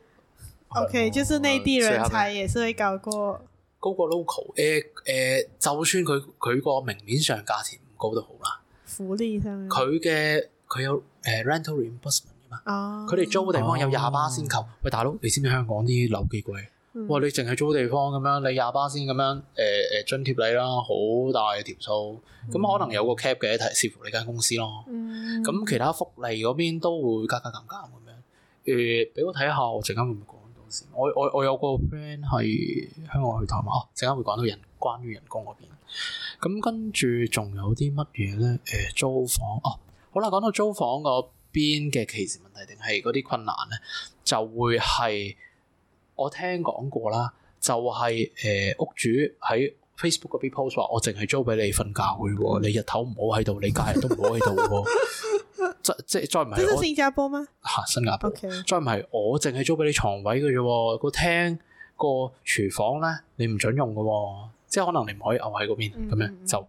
O okay, 的 K，okay, 就是內地人才也是會高過。高過 local 誒、呃、誒、呃，就算佢佢個明面上價錢唔高都好啦。佢嘅佢有誒 rental reimbursement 㗎嘛。呃、ment, 哦。佢哋租嘅地方有廿巴先扣。哦、喂，大佬，你知唔知香港啲樓幾貴？嗯、哇！你淨係租地方咁樣，你廿巴先咁樣誒誒、呃、津貼你啦，好大條數。咁可能有個 cap 嘅，提視乎你間公司咯。嗯。咁其他福利嗰邊都會加加減減咁樣。誒、呃，俾我睇下，我陣間會唔會？我我我有個 friend 係香港去台灣，哦、啊，陣間會講到人關於人工嗰邊。咁跟住仲有啲乜嘢咧？誒、呃，租房哦、啊，好啦，講到租房嗰邊嘅歧視問題定係嗰啲困難咧？就會係我聽講過啦，就係、是、誒、呃、屋主喺 Facebook 嗰邊 post 話，我淨係租畀你瞓覺嘅喎，你日頭唔好喺度，你隔日都唔好喺度喎！ 即即再唔係我新加坡咩？吓、啊、新加坡，Okay. 再唔係我淨係租俾你床位嘅啫，那個廳、那個廚、那個、房咧，你唔准用嘅，即可能你唔可以牛喺嗰邊咁樣就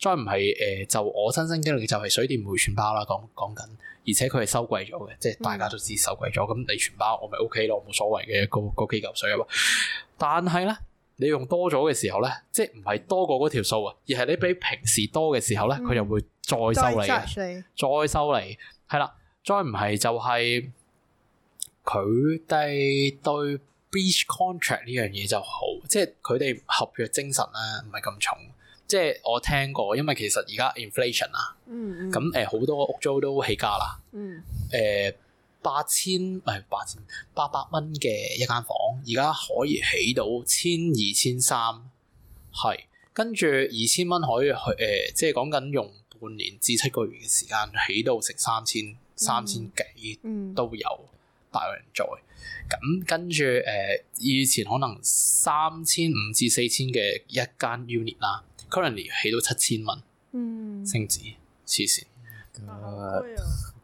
再唔係誒，就我親身經歷就係水電煤全包啦，講講緊，而且佢係收貴咗嘅，即大家都知收貴咗，咁、嗯、哼你全包我咪 OK 咯，冇所謂嘅，那個個幾嚿水啊嘛，但係咧，你用多咗嘅時候咧，即唔係多過嗰條數啊，而係你比平時多嘅時候咧，佢又會、嗯。再收嚟嘅，再收你，係啦， 再唔係就係佢哋對 beach contract 呢樣嘢就好，即係佢哋合約精神咧唔係咁重，即係我聽過，因為其實而家 inflation 啊、嗯嗯嗯，嗯，咁誒好多屋租都起價啦，嗯，誒八千唔係八千八百蚊嘅一間房，而家可以起到千二千三，係跟住二千蚊可以去誒、呃，即係講緊用。半年至七個月嘅時間，起到成三千三千幾、嗯、都有大量人在。咁、嗯、跟住誒、呃，以前可能三千五至四千嘅一間 unit 啦 currently 起到七千蚊，嗯、升至黐線。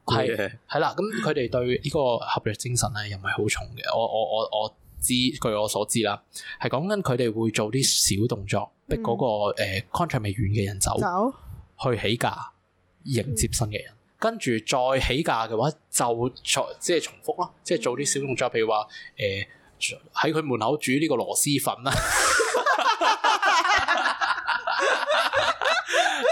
係係啦，咁佢哋對呢個合約精神咧又唔係好重嘅。我我我我知，據我所知啦，係講緊佢哋會做啲小動作，逼嗰、那個 contract 未完嘅人走。去起價，迎接新嘅人，嗯、跟住再起價嘅話就再即係重複啦、啊，即係做啲小動作，譬如話誒喺佢門口煮呢個螺螄粉啦、啊，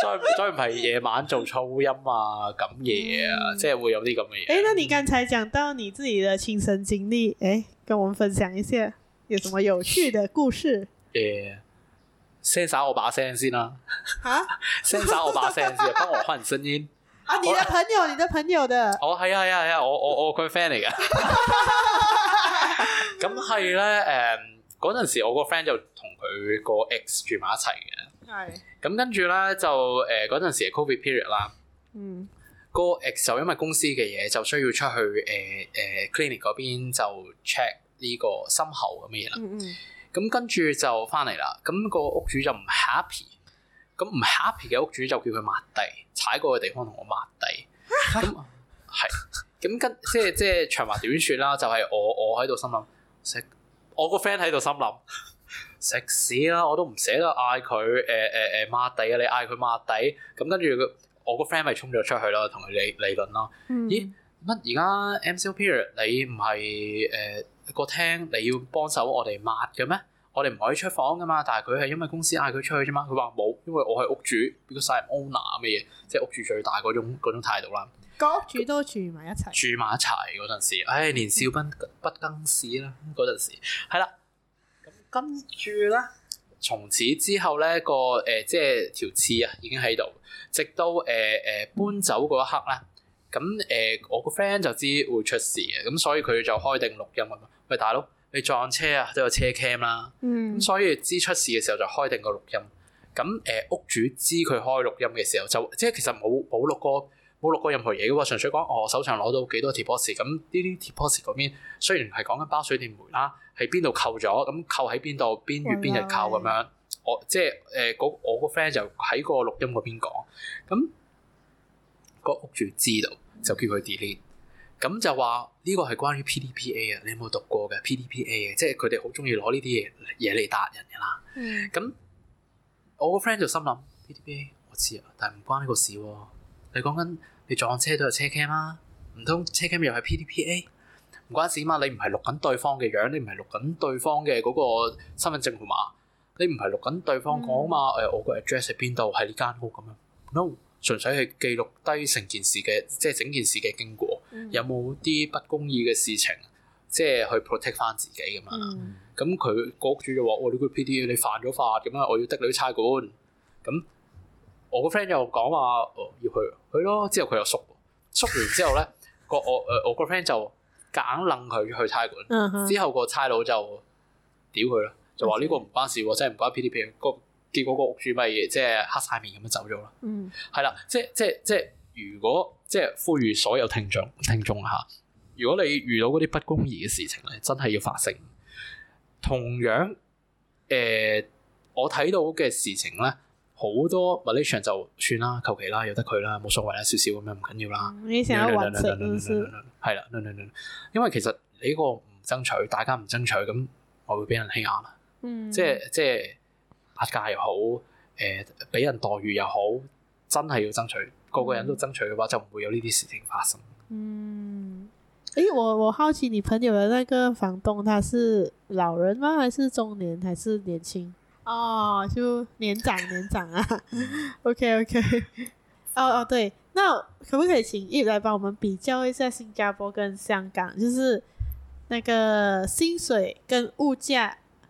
再再唔係夜晚做噪音啊，咁嘢啊，嗯、即係會有啲咁嘅嘢。誒，那你剛才講到你自己的親身經歷，誒，跟我們分享一下，有什麼有趣的故事？誒誒誒 s e 我把聲先啦、啊，啊 s e 蛤 我把聲先，幫我換聲音啊！你嘅朋友，我你嘅朋友的，哦，係啊，係啊，係啊，我我我佢 friend 嚟嘅。咁係咧，誒，嗰陣時我個 friend 就同佢個 x 住埋一齊嘅，係，咁跟住咧就誒嗰陣時嘅 covid period 啦，嗯，個 x 就因為公司嘅嘢就需要出去誒誒 clinic 嗰邊就 check 呢個深喉咁嘅嘢啦，嗯，嗯。咁跟住就翻嚟啦，咁、那個屋主就唔 happy，咁唔 happy 嘅屋主就叫佢抹地，踩過嘅地方同我抹地，咁係，咁 跟即係即係長話短説啦，就係、是、我我喺度心諗食，我個 friend 喺度心諗食屎啦，我都唔捨得嗌佢誒誒誒抹地啊，你嗌佢抹地，咁跟住個我個 friend 咪衝咗出去啦，同佢理理論啦，嗯、咦乜而家 MC Period 你唔係誒？呃個廳你要幫手我哋抹嘅咩？我哋唔可以出房噶嘛，但係佢係因為公司嗌佢出去啫嘛。佢話冇，因為我係屋主，一個私人 owner 咁嘅嘢，即係屋主最大嗰種嗰種態度啦。個屋主都住埋一齊，住埋一齊嗰陣時，唉、哎，年少不不更事啦，嗰陣時係啦。咁跟住咧，從此之後咧個誒、呃，即係條刺啊，已經喺度，直到誒誒、呃呃、搬走嗰一刻啦。咁誒、呃，我個 friend 就知會出事嘅，咁所以佢就開定錄音啊嘛。喂，大佬，你撞車啊，都有車 cam 啦、啊。嗯。咁所以知出事嘅時候就開定個錄音。咁誒、呃，屋主知佢開錄音嘅時候就，就即係其實冇冇錄過冇錄過任何嘢嘅喎，純粹講我手上攞到幾多鐵玻璃。咁呢啲鐵玻璃嗰邊雖然係講緊包水電煤啦，喺邊度扣咗，咁扣喺邊度，邊月邊日扣咁樣。嗯嗯、我即係誒、呃，我個 friend 就喺個錄音嗰邊講。咁。嗯嗯個屋主知道就叫佢 delete，咁就話呢個係關於 P D P A 啊，你有冇讀過嘅 P D P A 嘅？即係佢哋好中意攞呢啲嘢嘢嚟打人噶啦。咁、嗯、我個 friend 就心諗 P D P A 我知啊，但係唔關呢個事。你講緊你撞車都有車 cam 啦、啊？唔通車 cam 又係 P D P A？唔關事啊嘛，你唔係錄緊對方嘅樣，你唔係錄緊對方嘅嗰個身份證號碼，你唔係錄緊對方講啊嘛？誒、嗯哎，我個 address 喺邊度？喺呢間屋咁樣？No。純粹去記錄低成件事嘅，即係整件事嘅經過，嗯、有冇啲不公義嘅事情，即係去 protect 翻自己咁樣啦。咁佢、嗯、屋主就話：我呢個 P D 你犯咗法咁啊，我要拉你去差館。咁我個 friend 又講話：哦、oh,，要去去咯。之後佢又縮，縮完之後咧，個我誒、uh, 我個 friend 就硬擰佢去差館。嗯、哼之後個差佬就屌佢啦，就話呢、嗯、哼個唔關事喎，真係唔關 P D P 結果個屋主咪，咪即係黑晒面咁樣走咗啦。嗯，係啦，即係即係即係，如果即係呼籲所有聽眾聽眾嚇，如果你遇到嗰啲不公義嘅事情咧，真係要發聲。同樣，誒、呃，我睇到嘅事情咧，好多 Malaysia 就算啦，求其啦，由得佢啦，冇所謂啦，少少咁樣唔緊要啦、嗯。你成日揾食，係啦，因為其實你呢個唔爭取，大家唔爭取，咁我會俾人欺眼啊、嗯。即係即係。物價又好，誒、呃，俾人待遇又好，真係要爭取，個個人都爭取嘅話，嗯、就唔會有呢啲事情發生。嗯，誒、欸，我我好奇你朋友嘅那個房東，他是老人嗎？還是中年？還是年輕？哦，就年長 年長啊。 OK OK。哦哦，對，那可不可以請 Ip 來幫我們比較一下新加坡跟香港，就是那個薪水跟物價？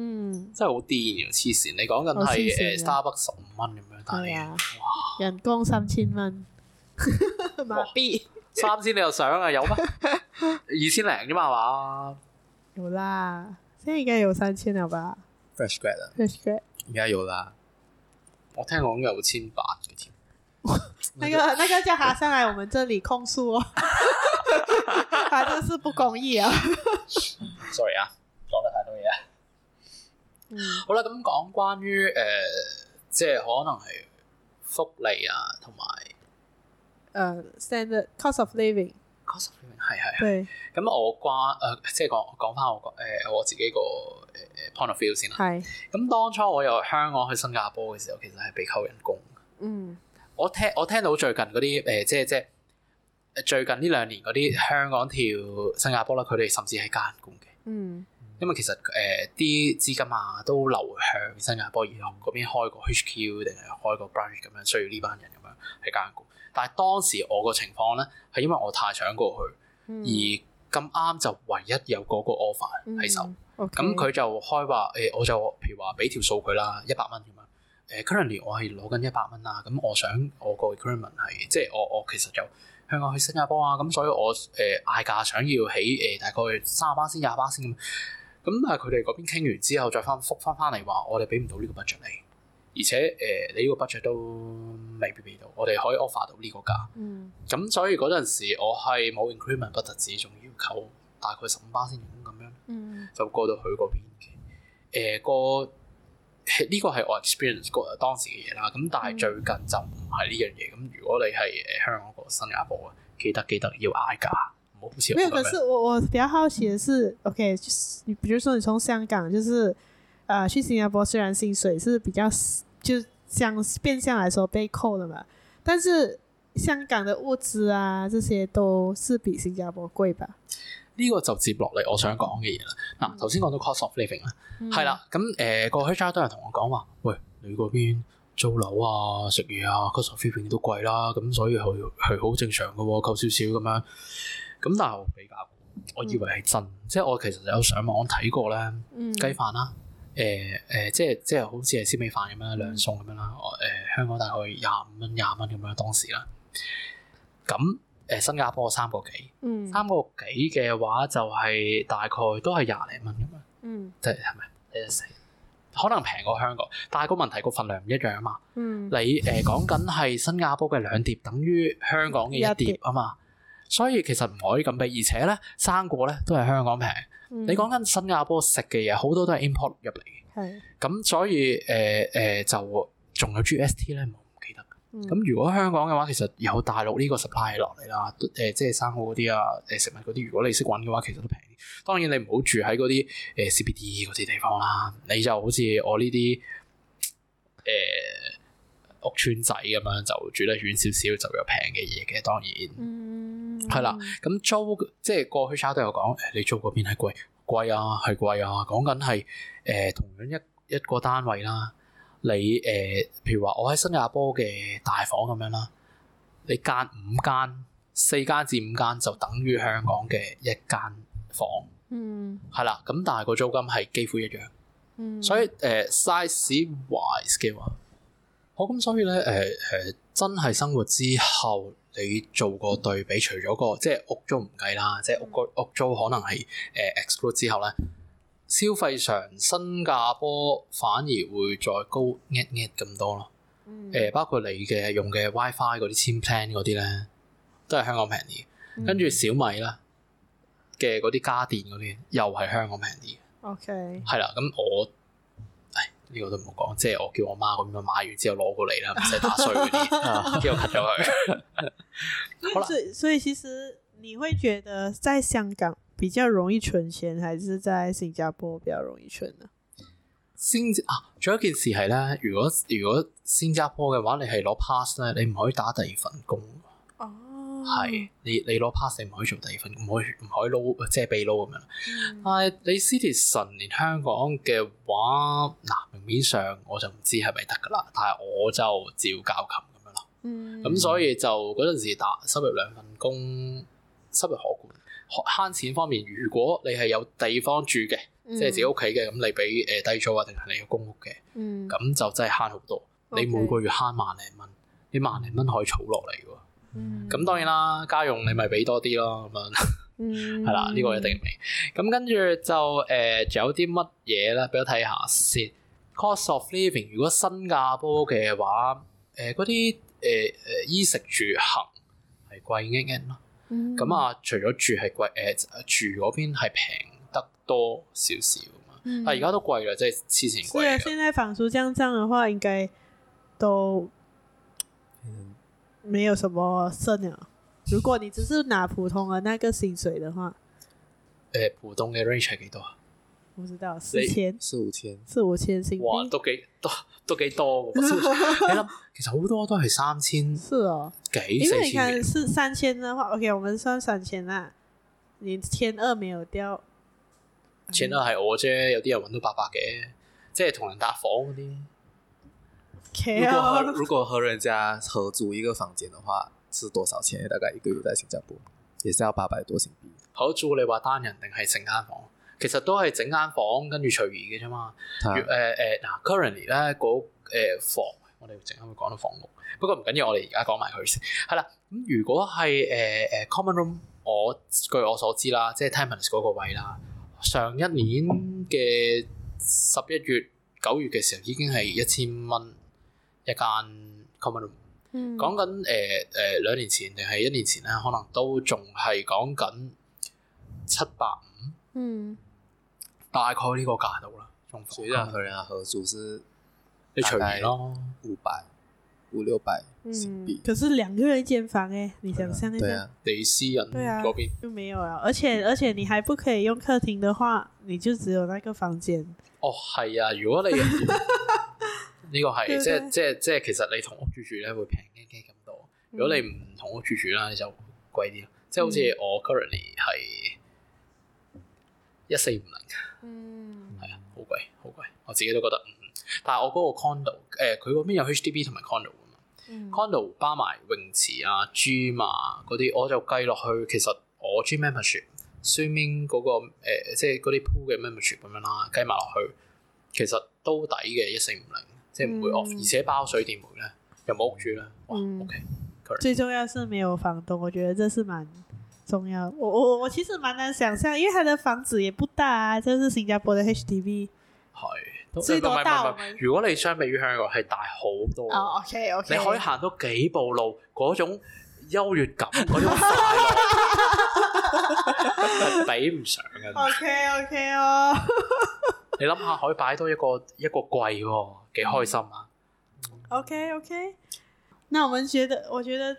嗯，真係好癲嘅，黐線！你講緊係誒三百十五蚊咁樣，但係，的哇，人工 哇哇三千蚊，麻痹，三千你又想啊？有咩？ 二千零啫嘛，係嘛？有啦，應該有三千啦吧？Fresh grad e 啦，Fresh grad，e 應該 grade 有啦。我聽講有千八嘅添。那、嗯、個 那個叫阿上嚟，我們這裏控訴我、哦，他 真是不公義啊 ！Sorry 啊，講得太多嘢。嗯、好啦，咁講關於誒、呃，即係可能係福利啊，同埋誒 standard cost of living，cost of living 係係。咁對我關誒、呃，即係講講翻我誒、呃、我自己個誒 point of view 先啦。係是。咁當初我由香港去新加坡嘅時候，其實係被扣人工。嗯。我聽我聽到最近嗰啲誒，即係即係最近呢兩年嗰啲香港跳新加坡啦，佢哋甚至係加人工嘅。嗯。因為其實誒啲資金啊都流向新加坡銀行嗰邊開個 HQ 定係開個 branch 咁樣，需要呢班人咁樣喺間股。但係當時我個情況咧係因為我太想過去，而咁啱就唯一有嗰個 offer 喺手。咁佢就開話誒，我就譬如話俾條數據啦，一百蚊咁樣。誒 currently 我係攞緊一百蚊啦，咁我想我個 requirement 係：「即係我我其實就向我去新加坡啊，咁所以我誒嗌價想要起誒大概三十八先、廿八巴先。咁但係佢哋嗰邊傾完之後，再翻覆翻翻嚟話，我哋俾唔到呢個 budget 你，而且誒、呃、你呢個 budget 都未必俾到，我哋可以 offer 到呢個價。嗯。咁、嗯、所以嗰陣時，我係冇 increment 不特止，仲要求大概十五巴仙咁樣。嗯、就過到佢嗰邊嘅，誒、呃那個呢、這個係我 experience 過當時嘅嘢啦。咁但係最近就唔係呢樣嘢。咁如果你係誒香港個新加坡啊，記得記得要嗌價。沒有，可是我我比較好奇嘅是、嗯、，OK，你、就是，比如說你從香港，就是，啊、呃，去新加坡雖然薪水是比較，就相變相來說被扣了嘛，但是香港的物資啊，這些都是比新加坡貴吧？呢個就接落嚟我想講嘅嘢啦。嗱、嗯，頭先講到 cost of living 啦、嗯，係啦、嗯，咁誒、啊，呃那個 HR 都有同我講話，喂，你嗰邊租樓啊、食嘢啊，cost of living 都貴啦，咁所以佢佢好正常嘅，扣少少咁樣。咁但係我比較，我以為係真，嗯、即係我其實有上網睇過咧，雞飯啦，誒誒、嗯呃呃，即係即繫好似係燒味飯咁樣兩餸咁樣啦，誒、嗯呃、香港大概廿五蚊、廿蚊咁樣當時啦，咁、呃、誒新加坡三個幾，三、嗯、個幾嘅話就係大概都係廿零蚊咁樣，嗯，即係係咪？你、就食，可能平過香港，但係個問題個份量唔一樣啊嘛，嗯，你誒講緊係新加坡嘅兩碟等於香港嘅一碟啊嘛。嗯碟所以其實唔可以咁比，而且咧生果咧都係香港平。嗯、你講緊新加坡食嘅嘢，好多都係 import 入嚟嘅。係。咁所以誒誒、呃呃，就仲有 GST 咧，唔記得。咁、嗯、如果香港嘅話，其實有大陸呢個 supply 落嚟啦，誒即係生果嗰啲啊，誒食物嗰啲，如果你識揾嘅話，其實都平啲。當然你唔好住喺嗰啲誒 CBD 嗰啲地方啦，你就好似我呢啲誒屋邨仔咁樣，就住得遠少少就有平嘅嘢嘅。當然。嗯係啦，咁租即係過去炒都有講，誒、哎、你租嗰邊係貴，貴啊，係貴啊，講緊係誒同樣一一個單位啦，你誒、呃、譬如話我喺新加坡嘅大房咁樣啦，你間五間、四間至五間就等於香港嘅一間房，嗯，係啦，咁但係個租金係幾乎一樣，嗯、所以誒、呃、size wise 嘅話，好、哦、咁所以咧誒誒真係生活之後。你做個對比，除咗個即係屋租唔計啦，即係屋個屋租可能係誒、呃、exclude 之後咧，消費上新加坡反而會再高 N at N at 咁多咯。誒、嗯，包括你嘅用嘅 WiFi 嗰啲 team plan 嗰啲咧，都係香港平啲。嗯、跟住小米啦嘅嗰啲家電嗰啲，又係香港平啲。OK，係啦，咁我。呢個都唔好講，即係我叫我媽咁樣買完之後攞過嚟啦，唔使打稅嗰啲，叫我入咗去。所以所以其實你會覺得在香港比較容易存錢，還是在新加坡比較容易存呢？先啊，仲有一件事係咧，如果如果新加坡嘅話，你係攞 pass 咧，你唔可以打第二份工。係、哦，你你攞 pass 你唔可以做第二份，唔可以唔可以撈，即係避撈咁樣。嗯、但係你 c i t y 神 e 香港嘅話，嗱、呃、明面上我就唔知係咪得噶啦。但係我就照教琴咁樣咯。咁、嗯、所以就嗰陣時打收入兩份工，收入可觀。慳錢方面，如果你係有地方住嘅，嗯、即係自己屋企嘅，咁你俾誒低租啊，定係你嘅公屋嘅，咁、嗯、就真係慳好多。嗯、你每個月慳萬零蚊，你萬零蚊可以儲落嚟㗎。咁、嗯、當然啦，家用你咪俾多啲咯，咁樣係啦，呢、嗯 呢個一定明。咁跟住就仲、呃、有啲乜嘢咧？俾我睇下先。Cost of living 如果新加坡嘅話，誒嗰啲誒誒衣食住行係貴啱啱咯。咁、嗯、啊，除咗住係貴，誒、呃、住嗰邊係平得多少少啊。但而家都貴啦，即係黐線貴。所以、啊，現在房租將漲嘅話，應該都。沒有什麼升啊！如果你只是拿普通的那個薪水的話，誒、呃，普通嘅 range 係幾多？不知道 4, 000, 15, 四千四五千四五千薪哇，都幾都都幾多？我你諗，其實好多都係三千， 因為你看是哦，幾四千？是三千的話，OK，我們算三千啦。你千二沒有掉，千二係我啫，有啲人搵到八百嘅，即係同人搭房嗰啲。如果和如果和人家合租一個房間嘅話，是多少錢？大概一個月在新加坡也是要八百多新幣。合租你話單人定係成間房？其實都係整間房跟住隨意嘅啫嘛。誒誒嗱，currently 咧嗰誒房，我哋整間會講到房屋，不過唔緊要，我哋而家講埋佢先係啦。咁如果係誒誒 common room，我據我所知啦，即係 Tampines 嗰個位啦，上一年嘅十一月九月嘅時候已經係一千蚊。一間 common room，講緊、呃呃、兩年前定係一年前咧，可能都仲係講緊七百五，嗯，大概呢個價度啦。所以人和人合租是一場咯，五百五六百新幣。嗯，可是兩個人一間房誒、欸，你想想，對啊，得私人嗰邊。對啊，就沒有啦。而且而且你還不可以用客廳的話，你就只有那個房間。嗯、哦，係啊，如果你。 呢個係 Okay. 即係即係即係，即其實你同屋住住咧會平一啲咁多。如果你唔同屋住住啦，就貴啲咯。即係好似我 currently 係一四五零，嗯，係啊，好、嗯、貴好貴。我自己都覺得、嗯、但係我嗰個 condo 誒、呃，佢嗰邊有 H D B 同埋 condo 啊嘛、嗯。condo 包埋泳池啊、gym 嘛嗰啲，我就計落去。其實我 gym membership swimming 嗰、那個即係、呃、嗰啲、就是、pool 嘅 membership 咁樣啦，計埋落去其實都抵嘅一四五零。即係唔會惡，而且包水電煤咧，又冇屋住啦。哇，O K。嗯、OK, correct. 最重要是沒有房東，我覺得這是蠻重要。我我我，我其實蠻難想象，因為他的房子也不大啊。這是新加坡的 H D B，係最多大未未未未。如果你相比於香港係大好多。啊，O K O K。你可以行多幾步路，嗰種優越感，嗰種快樂， 真係比唔上嘅。O K O K 哦。你諗下可以擺多一個一個櫃喎，幾開心啊！OK OK，那我們覺得我覺得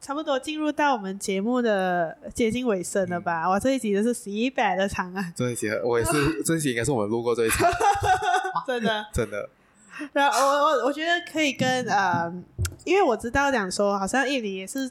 差不多進入到我們節目的接近尾聲了吧？哇、嗯、這一集真是十一百的長啊！這一集我也是， 是這一集應該是我錄過這一集。真 的 真的。 真的然後我我我覺得可以跟，呃，因為我知道講說，好像印尼也是。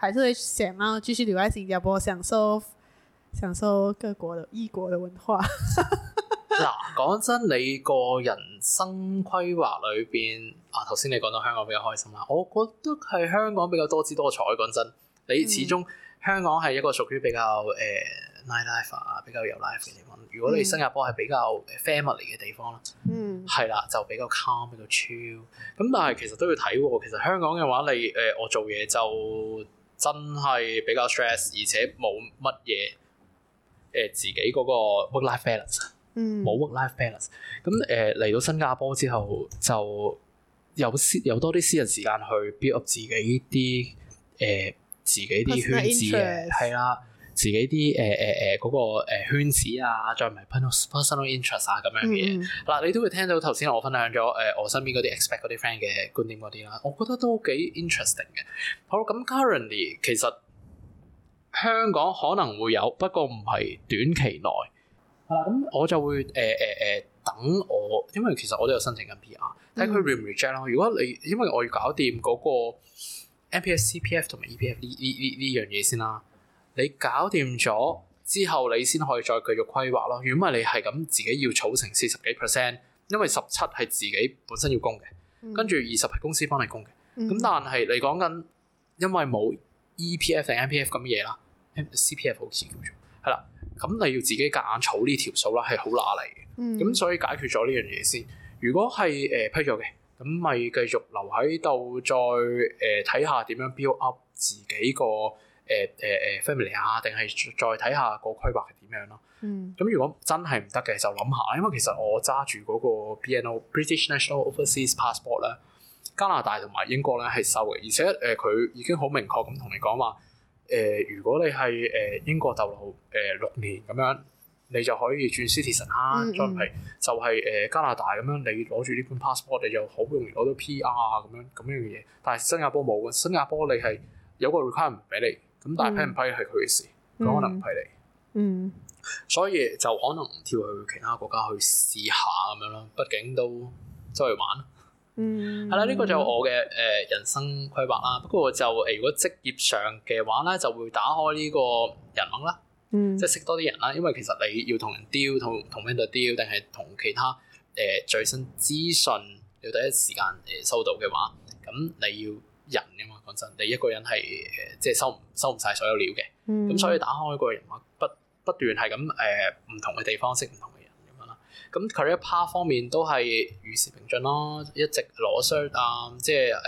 還是會想啦，繼續留喺新加坡，享受享受各國的異國的文化。嗱， 講真，你個人生規劃裏邊，啊，頭先你講到香港比較開心啦，我覺得係香港比較多姿多彩。講真，你始終香港係一個屬於比較誒 night life 啊，比較有 life 嘅地方。如果你新加坡係比較 family 嘅地方咯，嗯，係啦，就比較 calm，比較 chill。咁但係其實都要睇喎，其實香港嘅話，你誒、呃，我做嘢就。真係比較 stress，而且冇乜嘢誒自己嗰個 work-life balance，冇 work-life balance。咁誒嚟到新加坡之後，就有私有多啲私人時間去 build up 自己啲誒自己啲圈子嘅，係啦。自己啲誒誒誒嗰個圈子啊，再唔係 personal interest 啊咁樣嘅嘢，嗱、嗯、你都會聽到頭先我分享咗誒我身邊嗰啲、呃、expect 嗰啲 friend 嘅觀點嗰啲啦，我覺得都幾 interesting 嘅。好咁，currently 其實香港可能會有，不過唔係短期內。咁、嗯、我就會誒誒誒等我，因為其實我都有申請緊 PR，睇佢 reject 咯。嗯、如果你因為我要搞掂嗰個 MPF CPF 同埋 EPF 呢呢呢呢樣嘢先啦。你搞掂咗之後，你先可以再繼續規劃咯。如果唔係你係咁自己要儲成四十幾 percent，因為十七係自己本身要供嘅，跟住二十係公司幫你供嘅。咁、嗯、但係你講緊，因為冇 EPF 定 MPF 咁嘅嘢啦、嗯、CPF 好似叫做係啦。咁你要自己夾硬儲呢條數啦，係好乸嚟嘅。咁、嗯、所以解決咗呢樣嘢先。如果係誒、呃、批咗嘅，咁咪繼續留喺度，再誒睇下點樣 build up 自己，自己個。誒誒誒，family 啊，定係再睇下個規劃係點樣咯。嗯，咁如果真係唔得嘅，就諗下，因為其實我揸住嗰個 BNO（British National Overseas Passport） 咧，加拿大同埋英國咧係收嘅，而且誒佢、呃、已經好明確咁同你講話，誒、呃、如果你係誒英國逗留誒六年咁樣，你就可以轉 citizen 啦、嗯嗯。再就係就係誒加拿大咁樣，你攞住呢本 passport，你就好容易攞到 PR 啊，咁樣咁樣嘅嘢。但係新加坡冇嘅，新加坡你係有個 requirement 俾你。咁但係批唔批係佢嘅事，佢可能唔批你嗯。嗯，所以就可能跳去其他國家去試下咁樣咯。畢竟都出去玩。嗯，係 啦，呢、這個就我嘅誒、呃、人生規劃啦。不過就誒，如果職業上嘅話咧，就會打開呢個人脈啦。嗯，即係識多啲人啦。因為其實你要同人 deal 同同 vendor deal 定係同其他誒、呃、最新資訊，要第一時間誒、呃、收到嘅話，咁你要。人㗎嘛，講真，你一個人係即係收收唔晒所有料嘅。咁、嗯、所以打開一個人脈，不不斷係咁誒唔同嘅地方識唔同嘅人咁樣啦。咁 career path 方面都係與時並進咯，一直攞 cert 啊，即係誒誒誒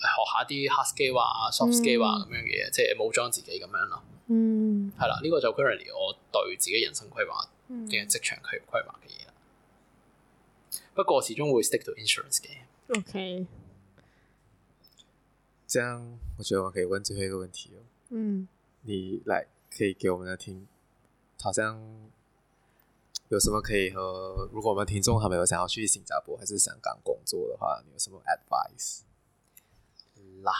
學一下啲 hard skill 啊、soft、嗯、skill 啊咁樣嘅，即係武裝自己咁樣咯。嗯，係啦，呢、這個就 currently 我對自己人生規劃嘅、嗯、職場規劃嘅嘢啦。不過始終會 stick to insurance 嘅。O K。Okay. 這樣我覺得我可以問最後一個問題咯。嗯，你來可以給我們的聽，好像有什麼可以和如果我們聽眾他們有想要去新加坡還是香港工作的話，你有什麼 advice？啦，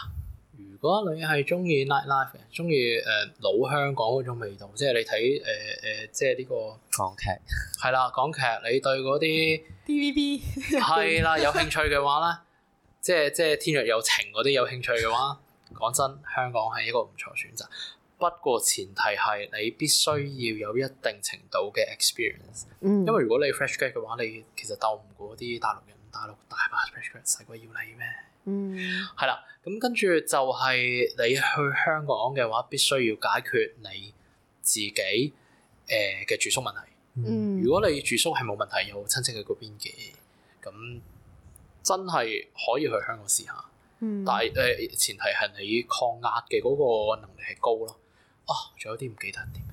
如果你係中意 night life 嘅，中意誒老香港嗰種味道，即係你睇誒誒，即係呢、這個港講劇係啦，港 劇你對嗰啲 TVB 係啦有興趣嘅話咧。 即係即係天若有情嗰啲有興趣嘅話，講真，香港係一個唔錯選擇。不過前提係你必須要有一定程度嘅 experience，、嗯、因為如果你 fresh graduate 嘅話，你其實鬥唔過啲大陸人，大陸大把 fresh graduate 使鬼要你咩？嗯，係啦。咁跟住就係你去香港嘅話，必須要解決你自己誒嘅、呃、住宿問題。嗯、如果你住宿係冇問題，有親戚喺嗰邊嘅，咁。真係可以去香港試下，嗯、但係誒、呃、前提係你抗壓嘅嗰個能力係高咯。啊、哦，仲有啲唔記得點？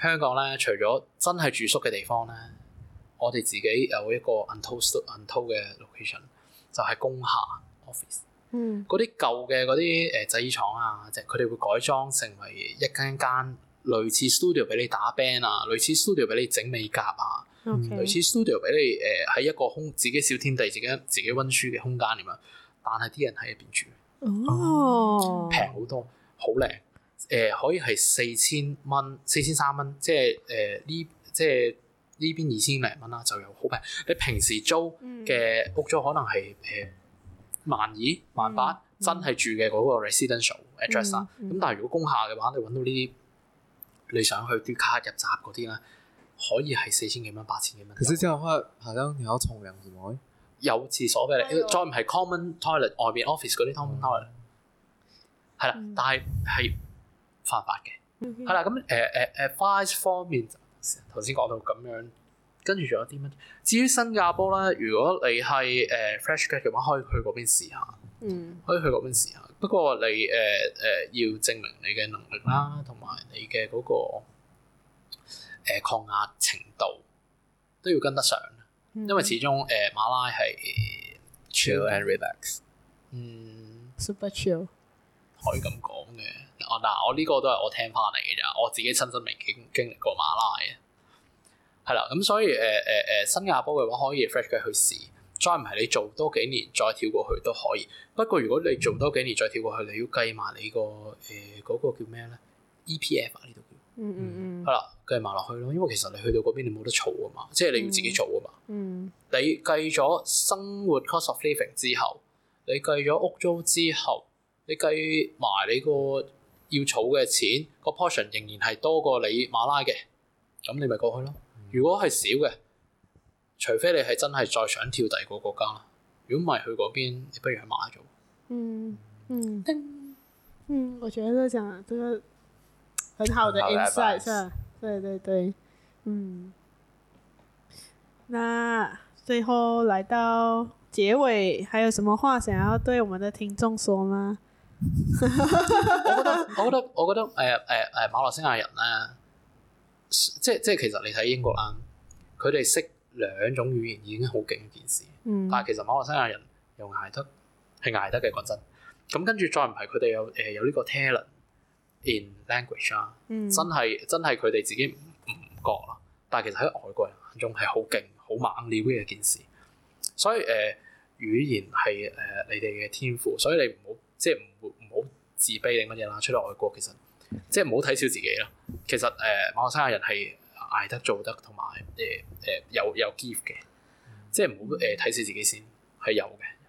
香港咧，除咗真係住宿嘅地方咧，我哋自己有一個 untold studio untold 嘅 location，就係工廈 office。嗯。嗰啲舊嘅嗰啲誒製衣廠啊，即係佢哋會改裝成為一間間類似 studio 俾你打 band 啊，類似 studio 俾你整美甲啊。Okay. 嗯、類似 studio 俾你誒喺、呃、一個空自己小天地自己自己溫書嘅空間咁啊，但係啲人喺入邊住，平好、哦哦、多，好靚，誒、呃、可以係四千蚊、四千三蚊，即係誒呢，即係呢邊二千零蚊啦，就有好平。你平時租嘅屋租可能係誒萬二萬八，1 1, 2, 1, 8, 真係住嘅嗰個 residential address 咁、嗯嗯、但係如果工廈嘅話，你揾到呢啲你想去啲卡入閘嗰啲咧。可以係四千幾蚊、八千幾蚊。其、就是之後咧，係咯有，有你沖涼唔會？有、哎、呀廁所俾你，再唔係 common toilet，外面 office 嗰啲 common toilet。係啦、嗯，但係係犯法嘅。係啦、嗯哼，咁誒誒誒 finance 方面頭先講到咁樣，跟住仲有啲乜？至於新加坡咧，如果你係誒、呃、fresh graduate 嘅話，可以去嗰邊試下。嗯。可以去嗰邊試下，不過你誒誒、呃呃呃、要證明你嘅能力啦，同埋你嘅嗰、那個。誒、呃、抗壓程度都要跟得上，mm hmm. 因為始終誒、呃、馬拉係 chill chilled and relax，嗯，super chill，可以咁講嘅。我嗱，我呢個都係我聽翻嚟嘅咋，我自己親身未經經歷過馬拉嘅，係啦。咁所以誒誒誒新加坡嘅話可以 fresh 嘅去試，再唔係你做多幾年再跳過去都可以。不過如果你做多幾年再跳過去，mm hmm. 你要計埋你、呢個誒嗰、呃嗰個叫咩咧 EPF 呢度。嗯嗯嗯，係、嗯、啦，繼埋落去咯，因為其實你去到嗰邊你冇得儲啊嘛，即係你要自己做啊嘛嗯。嗯，你計咗生活 cost of living 之後，你計咗屋租之後，你計埋你個要儲嘅錢，個 portion 仍然係多過你馬拉嘅，咁你咪過去咯。嗯、如果係少嘅，除非你係真係再想跳第二個國家啦，如果唔係去嗰邊，你不如去馬拉做、嗯。嗯嗯嗯，我覺得講呢個。很好的 insight，係嘛、嗯？對對對，嗯。那最後來到結尾，還有什麼話想要對我們的聽眾說嗎？ 我覺得，我覺得，我覺得，誒誒誒，馬來西亞人咧，即係即係，其實你睇英國啦，佢哋識兩種語言已經好勁件事，嗯、但係其實馬來西亞人又捱得，係捱得嘅，講真。咁跟住再唔係，佢、呃、哋有誒有呢個 talent。In language 啊、嗯，真係真係佢哋自己唔覺啦，但係其實喺外國人眼中係好勁好猛料嘅一件事。所以誒、呃、語言係誒、呃、你哋嘅天賦，所以你唔好即係唔會唔好自卑定乜嘢啦。出到外國其實即係唔好睇小自己啦。其實誒、呃、馬來西亞人係捱得、得、做得同埋誒誒有、呃、有 gift 嘅，即係唔好誒睇小看自己先係有嘅。